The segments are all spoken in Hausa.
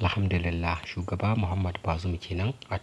alhamdulillah shugaba muhammad bazum kenan a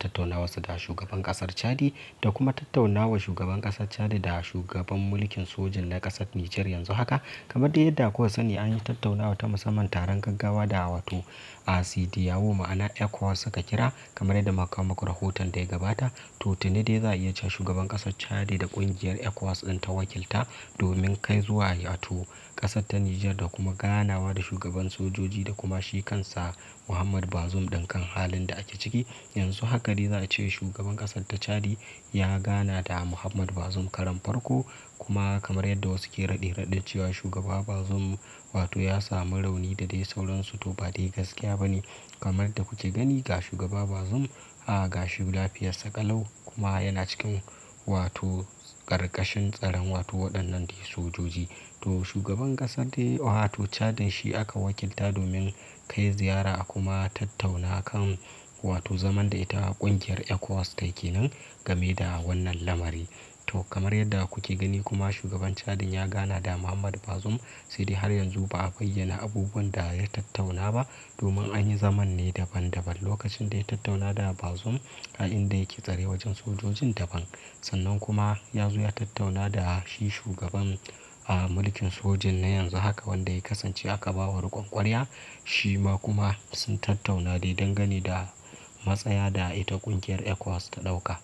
su da shugaban kasar chadi da kuma tattaunawa shugaban kasar chadi da shugaban mulkin sojin na kasar niger yanzu haka kamar da yadda kuka sani an yi tattaunawa ta musamman taron gaggawa da wato a yawo ma'ana ekwa suka kira kamar yadda makamakon rahoton da ya gabata to tuni dai za a iya cewa shugaban kasar chadi da kungiyar ecowas din ta wakilta domin kai zuwa wato kasar ta niger da kuma ganawa da shugaban sojoji da kuma shi kansa muhammad Muhammad Bazoum ɗin kan halin da ake ciki. Yanzu haka dai za a ce shugaban ƙasar ta Chadi ya gana da Muhammad Bazoum karan farko kuma kamar yadda wasu ke raɗe raɗe cewa shugaba Bazoum wato ya samu rauni da dai sauransu to ba dai gaskiya ba ne. Kamar da kuke gani ga shugaba Bazoum a gashi lafiyarsa ƙalau kuma yana cikin. wato ƙarƙashin tsaron wato waɗannan dai sojoji. To shugaban ƙasar dai wato Chadin shi aka wakilta domin kai ziyara a kuma tattauna kan wato zaman da ita ƙungiyar ECOWAS tayi kenan game da wannan lamari. To kamar yadda kuke gani kuma shugaban Chadin ya gana da Muhammad bazum sai dai har yanzu ba a bayyana abubuwan da ya tattauna ba domin an yi zaman ne daban-daban. Lokacin da ya tattauna da bazum a inda yake tsare wajen sojojin daban. Sannan kuma ya zo ya tattauna da shi shugaban a mulkin sojin na yanzu haka wanda ya kasance aka ba wa rikon kwarya Shi ma kuma sun tattauna dai dangane da matsaya da ita kungiyar ECOWAS ta ɗauka.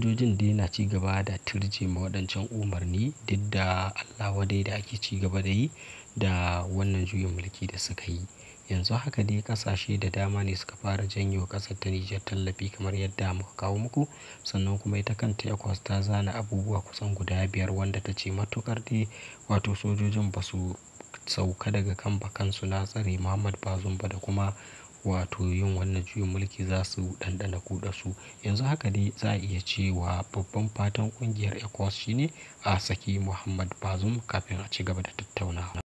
sojojin dai na ci gaba da turje ma waɗancan umarni duk da Allah wadai da ake ci gaba da yi da wannan juyin mulki da suka yi. Yanzu haka dai kasashe da dama ne suka fara janyo kasar ƙasar ta Nijar tallafi kamar yadda muka kawo muku sannan kuma ita kanta ECOWAS ta zana abubuwa kusan guda biyar wanda ta ce matukar dai wato sojojin ba su sauka daga kan bakansu na tsare Muhammad Bazoum ba da kuma wato yin wannan juyin mulki za su ɗanɗana su Yanzu haka dai za a iya cewa babban fatan ƙungiyar ecos shine a saki Muhammad bazum kafin a ci gaba da tattaunawa.